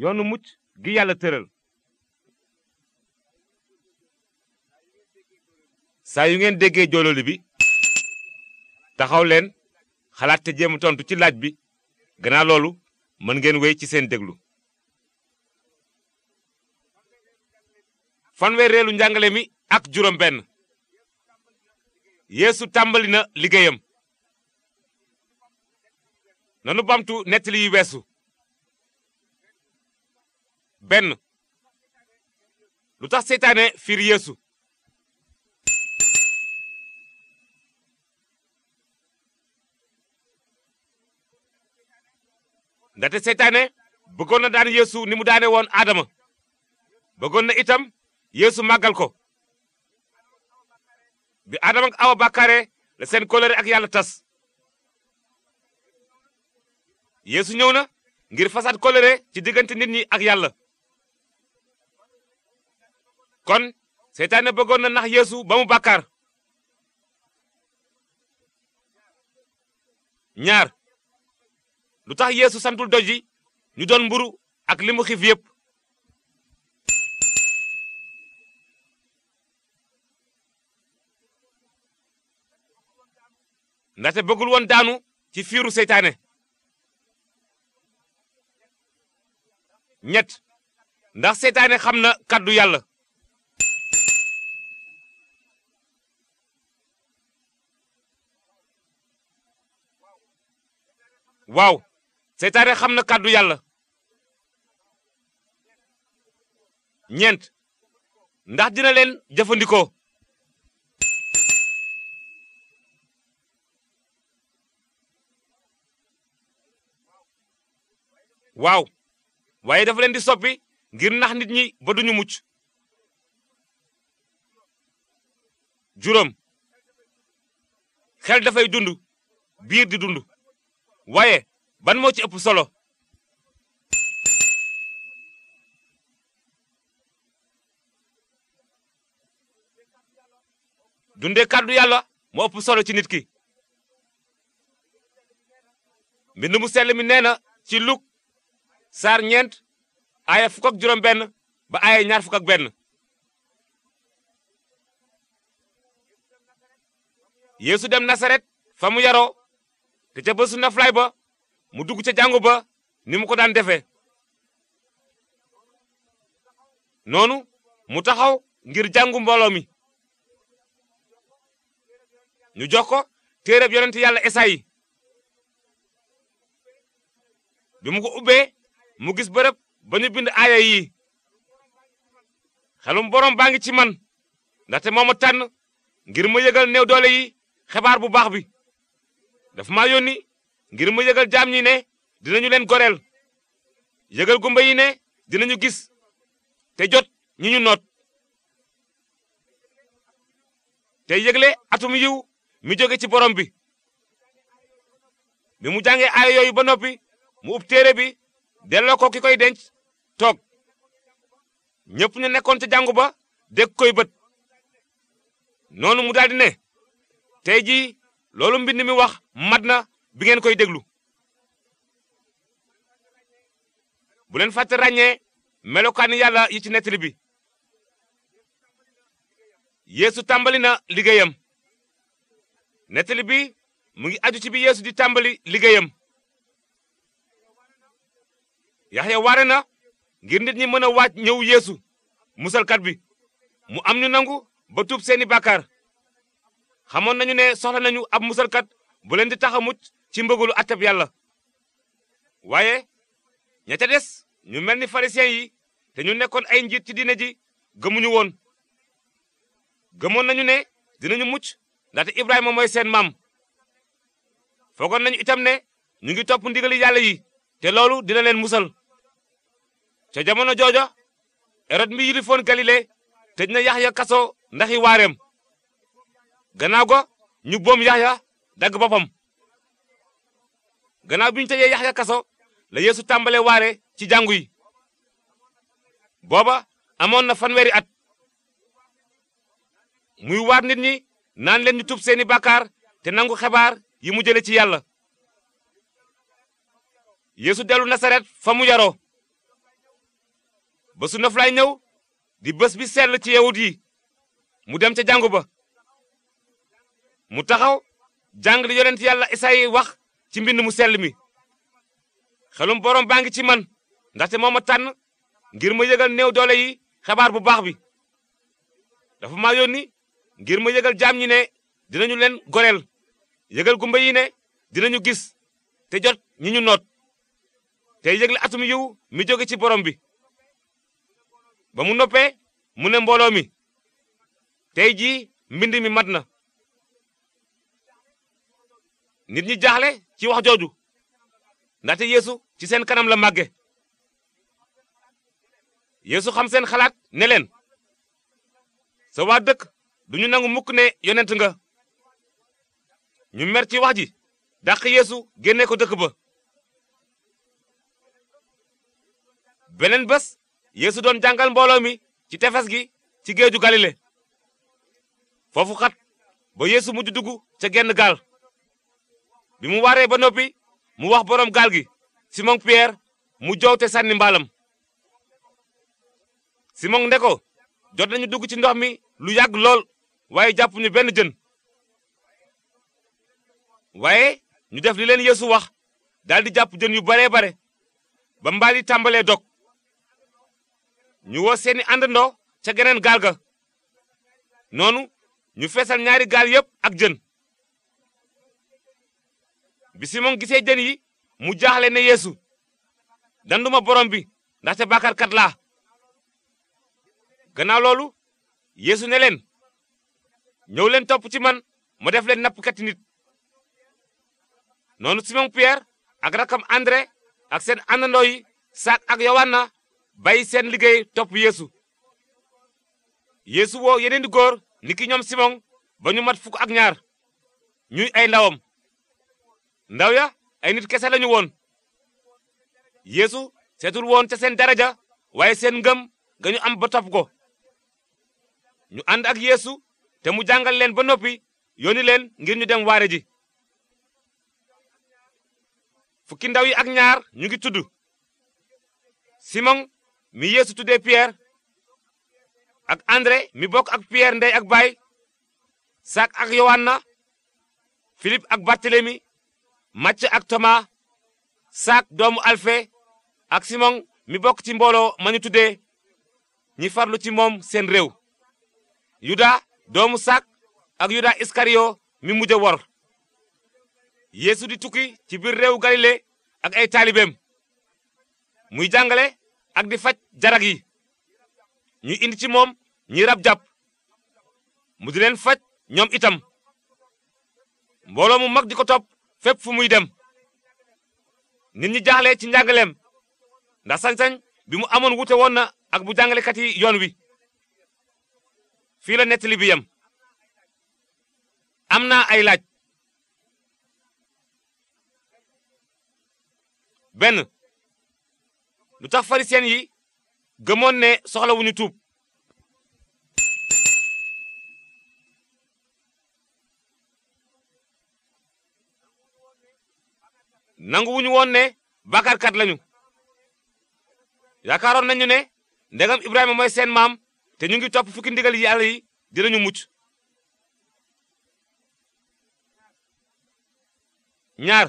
yoonu mucc gi yàlla tëral saa yu ngeen déggee joololi bi taxaw leen xalaat te jéem tontu ci laaj bi gannaaw loolu mën ngeen wéy ci seen déglu fanweereelu njàngale mi ak juróom benn yeesu tàmbali na liggéeyam nanu bamtu nettali yu weesu benn lu tax seytaane fiir yeesu ndaxte seytaane bëggoon na daan yeesu ni mu daane woon aadama bëggoon na itam yéesu màggal ko bi aadama ak awa bàkkaare la seen kóllëre ak yàlla tas yéesu ñëw na ngir fasaat kóllëre ci diggante nit ñi ak yàlla kon seytaane bëggoon na nax yéesu ba mu bàkkaar ñaar lu tax yéesu santul doj yi ñu doon mburu ak li mu xiif yépp ndaxte bëggul daanu ci fiiru seytaane ñett ndax seytaane xam na kàddu yàlla waaw seytaane xam na kàddu yàlla ñeent ndax dina leen jëfandikoo waaw waaye dafa leen di soppi ngir nax nit ñi ba duñu mucc juróom xel dafay dund biir di dund waaye ban moo ci ëpp solo dunde kàddu yàlla moo ëpp solo ci nit ki mbind mu sell mi nee na ci luk saar ñeent aaya fukk ak benn ba aaya ñaar fukk benn yeesu dem nasaret fa mu yaroo te ca bésu naflaay ba mu dugg ca jàngu ba ni mu ko daan defee noonu mu taxaw ngir jàngu mbooloo mi ñu jox ko téereb yonent yàlla esayi bi mu ko ubbee mu gis bërëb ba ñu bind aaya yi xelum borom baa ngi ci man ndaxte moo ma tànn ngir ma yëgal néew doole yi bu baax bi dafa maa yónni ngir mu yëgal jaam ñi ne dinañu leen goreel yëgal gumba yi ne dinañu gis te jot ñi ñu noot te yëgle atum yiw mi jóge ci borom bi bi mu jàngee aaya yooyu ba noppi mu ub téere bi delloo ko ki koy denc toog ñëpp ñu nekkoon ca jàngu ba dégg koy bët noonu mu daldi ne tey loolu mbind mi wax mat na bi ngeen koy déglu bu leen fàtte ràññee melokaani yàlla yi ci nettali bi yéesu tàmbali na liggéeyam nettali bi mu ngi aju ci bi yéesu di tàmbali liggéeyam yaxya waare na ngir nit ñi mën a waaj ñëw yéesu musalkat bi mu am ñu nangu ba tuub seeni bàkkaar xamoon nañu ne soxla nañu ab musalkat bu leen di tax a ci mbëgalu atteb yàlla waaye ña ca des ñu mel ni pharisiens yi te ñu nekkoon ay njiit ci diine ji gëmuñu woon gëmoon nañu ne dinañu mucc ndaxte Ibrahima mooy seen maam foogoon nañu itam ne ñu ngi topp ndigali yàlla yi te loolu dina leen musal ca jamono jooja Hérode mi yilifoon Galilée tëj na Yaxya kaso ndaxi waareem ganaaw ga ñu boom yaxya dagg boppam gannaaw bi ñu tëjee yaxya kaso la yeesu tàmbalee waare ci jàngu yi booba amoon na fanweeri at muy waar nit ñi naan leen ñu tub seeni bakaar te nangu xebaar yi mu jële ci yàlla yéesu dellu nasaret fa mu yaroo bésu noflaay ñëw di bés bi sell ci yawut yi mu dem ca jàngu ba mu taxaw jàng li yonent yàlla Isaayi wax ci mbind mu sell mi xelum borom baa ngi ci man ndaxte moom ma tànn ngir ma yëgal néew doole yi xabaar bu baax bi dafa maa yónni ngir ma yëgal jaam ñi ne dinañu leen goreel yëgal gumba yi ne dinañu gis te jot ñi ñu noot tey yëgle atum yiw mi jóge ci borom bi ba mu noppee mu ne mbooloo mi tey jii mbind mi mat na nit ñi jaaxle ci wax jooju ndaxte yeesu ci seen kanam la màgge yéesu xam seen xalaat ne leen sa waa dëkk duñu nangu mukk ne yonent nga ñu mer ci wax ji dàq yéesu génnee ko dëkk ba beneen bés yéesu doon jàngal mbooloo mi ci tefes gi ci géeju galile foofu xat ba yéesu mujj dugg ca genn gaal bi mu waree ba noppi mu wax boroom gaal gi simoŋ Pierre mu joow te sànni mbaalam Simon ne ko jot nañu dugg ci ndox mi lu yàgg lool waaye jàppuñu benn jën waaye ñu def li leen yéesu wax daldi jàpp jën yu baree bare ba mbaal yi tàmbalee dog ñu woo seeni àndandoo ca geneen gaal ga noonu ñu feesal ñaari gaal yépp ak jën bi simoŋ gisee jën yi mu jaaxle ne yéesu danduma borom bi ndaxte bàkkaarkat laa gannaaw loolu yéesu ne leen ñëw leen topp ci man ma def leen nappkati nit noonu Simon Pierre ak rakam André ak seen àndandoo yi saak ak yowanna bay seen liggéey topp yéesu yéesu woo yeneen di góor niki ñoom Simon ba ñu mat fukk ak ñaar ñuy ay ndawam ndaw ya ay nit kese lañu woon yéesu seetul woon ca seen daraja waaye seen ngëm ga ñu am ba topp ko ñu ànd ak yeesu te mu jàngal leen ba noppi yónni leen ngir ñu dem waare ji fukki ndaw yi ak ñaar ñu ngi tudd simon mi yeesu tuddee pierre ak andré mi bokk ak pierre ndey ak baay sak ak yowanna philippe ak barthélemy màcc ak toma saak doomu alfe ak simon mi bokk ci mbooloo ma ñu tuddee ñi farlu ci moom seen réew yuda doomu saak ak yuda iskariyo mi mujj wor yéesu di tukki ci biir réew galile ak ay taalibeem muy jàngale ak di faj jarag yi ñu indi ci moom ñi rab jàpp mu di leen faj ñoom itam mbooloo mu mag di ko fépp fu muy dem nit ñi jaaxlee ci njàngaleem ndax sañ bi mu amoon wute woon na ak bu jàngalekat yi yoon wi fii la nettali bi yem am naa ay laaj benn lu tax pharisien yi gëmoon ne soxlawuñu tuub nanguwuñu woon ne bàkkaarkat lañu yaakaaroon nañu ne ndegam Ibrahima mooy seen maam te ñu ngi topp fukki ndigal yàlla yi dinañu mucc ñaar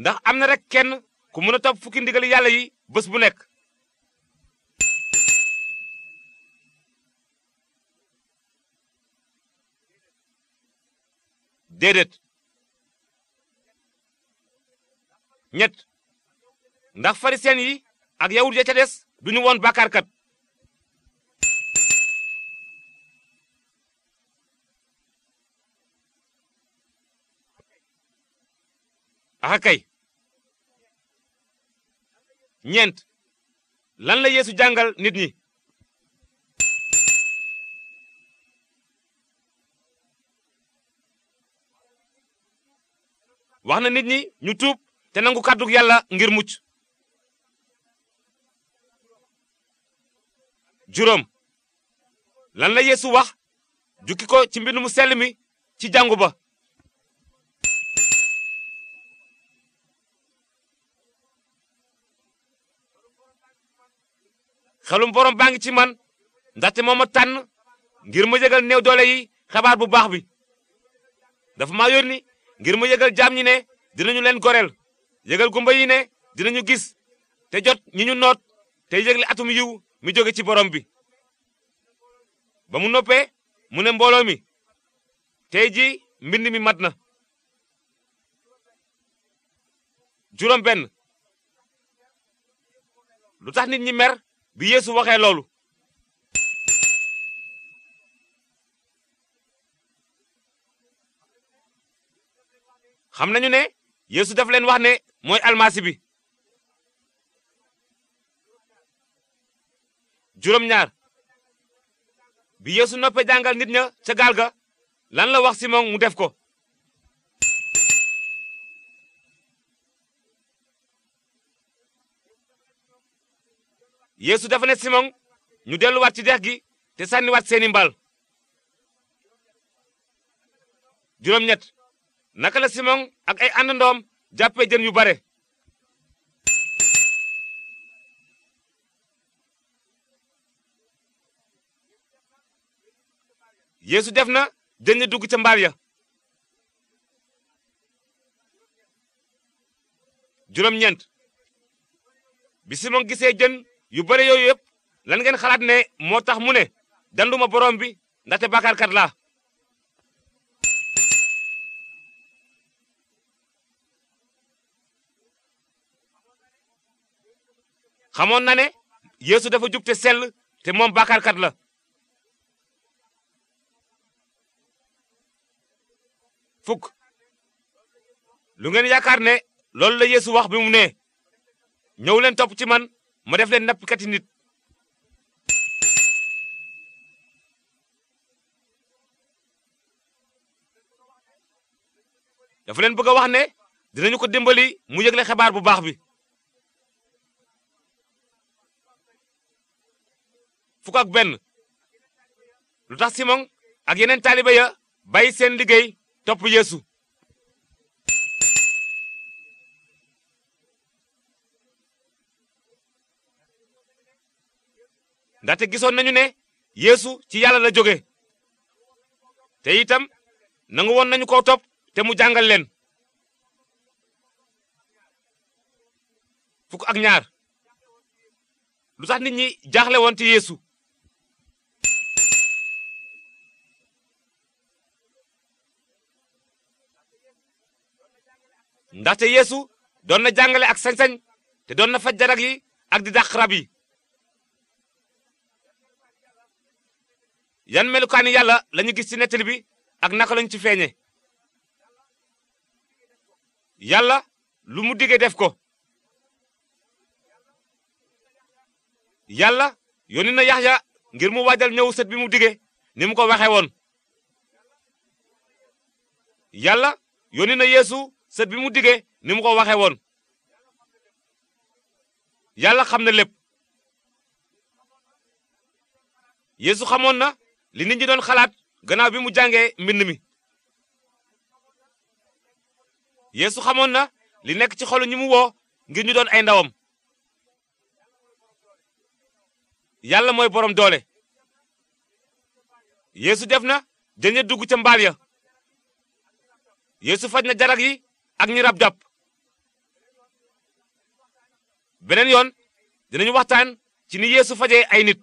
ndax am na rek kenn ku mën a topp fukki ndigal yàlla yi bés bu nekk déedéet ñet ndax farisiyen yi ak yawut ya ca des ñu woon bàkkaarkat axa kay ñeent lan la yeesu jàngal nit ñi wax na nit ñi ñu tuub te nangu kàddug yàlla ngir mucc juróom lan la yeesu wax jukki ko ci mbind mu sell mi ci jàngu ba xelum borom baa ngi ci man ndaxte moo ma tànn ngir ma yëgal néew dooleyi yi xabaar bu baax bi dafa maa yónni ngir ma yëgal jaam ñi ne dinañu leen goreel yëgal gumba yi ne dinañu gis te jot ñi ñu noot te yëgle atum yiw mi jóge ci borom bi ba mu noppee mu ne mbooloo mi tey ji mbind mi mat na juróom lu tax nit ñi bi yéesu waxee loolu xam nañu ne yéesu daf leen mooy almasi bi juróom-ñaar bi yeesu noppee jàngal nit ña ca gaal ga lan la wax simon mu def ko yéesu dafa ne simon ñu delluwaat ci dex gi te sànniwaat seeni mbaal juróom-ñett naka la simon ak ay àndandoom jàppe jën yu bare yéesu def na jën ya dugg ca mbaal ya juróom-ñeent bi simon gisee jën yu bare yooyu yëpp lan ngeen xalaat ne moo tax mu ne danduma borom bi ndaxte bàkkaarkat laa xamoon na ne yéesu dafa jub te sell te moom bàkkaarkat la fuk lu ngeen yaakaar ne loolu la yéesu wax bi mu ne ñëw leen topp ci man ma def leen nappkati nit dafa leen bëgg a wax ne dinañu ko dimbali mu yëgle xabaar bu baax bi fukk ak benn lu tax Simon ak yeneen taalibe ya bay seen liggéey topp yéesu ndaxte gisoon nañu ne yéesu ci yàlla la jóge te itam nangu woon nañu ko topp te mu jàngal leen fukk ak ñaar lu tax nit ñi jaaxle woon ci Yeesu ndaxte yéesu doon na jàngale ak sañ te doon na faj jarag yi ak di dàq rab yi yan melukaani yàlla lañu gis ci nettali bi ak naka lañu ci feeñe yàlla lu mu diggee def ko yàlla yónni na yaxya ngir mu waajal ñëw sët bi mu diggee ni mu ko waxe woon yàlla yónni na yeesu sët bi mu digee ni mu ko waxee woon yàlla xam na lépp yéesu xamoon na li nit ñi doon xalaat ganaaw bi mu jàngee mbind mi yéesu xamoon na li nekk ci xolu ñi mu woo ngir ñu doon ay ndawam yàlla mooy boroom doole yéesu def na jën ya dugg ca mbaal ya yeesu faj na jarag yi ak ñi rab jàpp beneen yoon dinañu waxtaan ci ni yeesu fajee ay nit